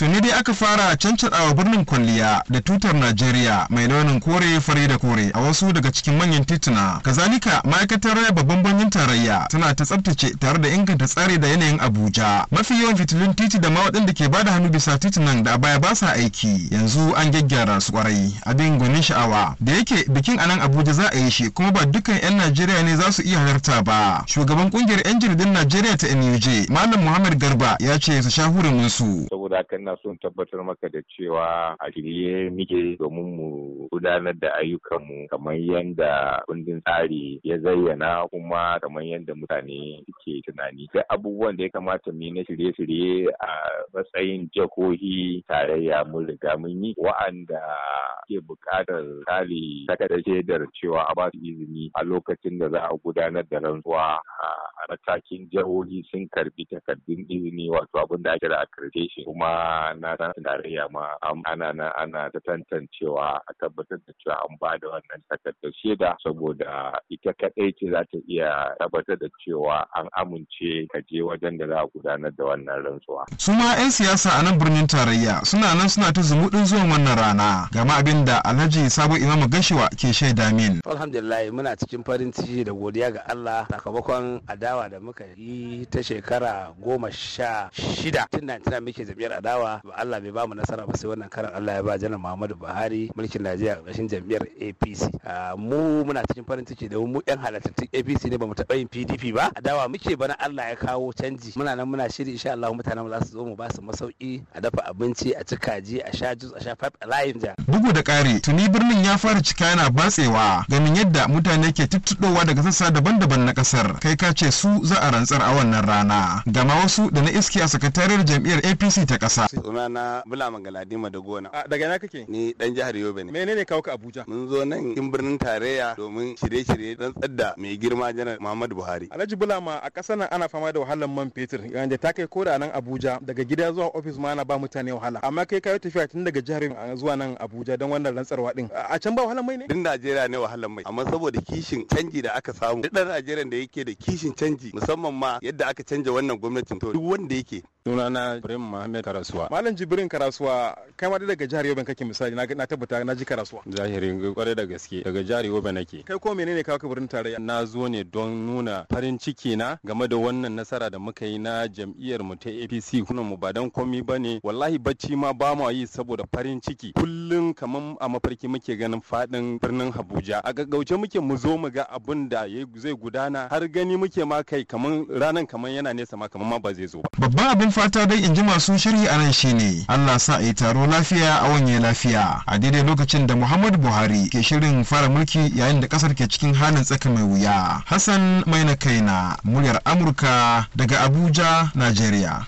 tuni dai aka fara cancaɗawa birnin kwalliya da tutar najeriya mai launin kore fari da kore a wasu daga cikin manyan tituna kazalika ma'aikatar raya babban birnin tarayya tana ta tsabtace tare da inganta tsari da yanayin abuja mafi yawan fitilun titi da ma waɗanda ke bada hannu bisa titunan da a baya ba sa aiki yanzu an gyaggyara su kwarai abin gwanin sha'awa da yake bikin a nan abuja za a yi shi kuma ba dukkan 'yan najeriya ne za su iya halarta ba shugaban kungiyar 'yan jaridun najeriya ta nuj malam muhammad garba ya ce su sha hurumin su haka na son tabbatar maka da cewa a shirye muke domin mu gudanar da ayyukanmu kamar yadda kundin tsari ya zayyana kuma kamar yadda mutane suke tunani. Da abubuwan da ya kamata mu yi na shirye-shirye a matsayin jakohi tarayya mun riga mun yi wa'anda ke buƙatar ta takardar shaidar cewa a ba su izini a lokacin da za a gudanar da rantsuwa a matakin jihohi sun karbi takardun izini wato abin da ake da accreditation kuma na san tarayya ma ana na ana ta tantancewa a tabbatar da cewa an bada wannan takardar sheda saboda ita kadai ce za ta iya tabbatar da cewa an amince ka je wajen da za a gudanar da wannan rantsuwa. su ma 'yan siyasa a nan birnin tarayya suna nan suna ta zumuɗin zuwan wannan rana Gama abin da alhaji sabo imamu gashiwa ke shaida min. alhamdulillah muna cikin farin ciki da godiya ga allah sakamakon ada adawa da muka yi ta shekara goma sha shida tun da tana muke jam'iyyar adawa ba Allah bai bamu nasara ba sai wannan karan Allah ya ba janar Muhammadu Buhari mulkin Najeriya ƙarshen jam'iyyar APC mu muna cikin farin ciki da mu yan halattattun APC ne bamu taɓa yin PDP ba adawa muke bana Allah ya kawo canji muna nan muna shiri insha Allah mutanen mu za su zo mu ba su masauki a dafa abinci a ci kaji a sha jus a sha pipe a layin ja bugu da ƙari tuni birnin ya fara cika yana batsewa ganin yadda mutane ke tuttuɗowa daga sassa daban-daban na ƙasar kai ka ce su za a rantsar a wannan rana da wasu da na iske a sakatariyar jam'iyyar apc ta ƙasa. sunana bula mangaladima da gona daga ina kake ni dan jihar yobe ne menene kawo ka abuja mun zo nan kin birnin tarayya domin shirye-shirye don tsada mai girma janar muhammadu buhari alhaji bulama a ƙasa nan ana fama da wahalar man fetur yanda ta kai koda nan abuja daga gida zuwa ofis ma ana ba mutane wahala amma kai kayo tafiya tun daga jihar zuwa nan abuja don wannan rantsarwa din a can ba wahalar mai ne din najeriya ne wahalar mai amma saboda kishin canji da aka samu duk dan najeriya da yake da kishin canji canji musamman ma yadda aka canja wannan gwamnatin to duk wanda yake sunana Ibrahim Muhammad Karasuwa. Malam Jibrin Karasuwa kai ma daga jihar Yobe kake misali na tabbata na ji Karasuwa. Zahiri kware da gaske daga jihar Yobe nake. Kai ko menene kawo ka birnin tarayya? Na zo ne don nuna farin ciki na game da wannan nasara da muka yi na jam'iyyar mu ta APC kuna mu ba dan komi bane wallahi bacci ma ba mu yi saboda farin ciki kullum kaman a mafarki muke ganin fadin birnin Abuja a gaggauce muke mu zo mu ga abin da zai gudana har gani muke ma kai kaman ranan kaman yana nesa ma kaman ma ba zai zo ba. Babban abin cikin fata dai in ji masu shirhi a nan shine Allah sa a yi taro lafiya a wanye lafiya a daidai lokacin da Muhammadu Buhari ke shirin fara mulki yayin da kasar ke cikin halin tsaka mai wuya. Hassan Maina Kaina muryar Amurka daga Abuja, Najeriya.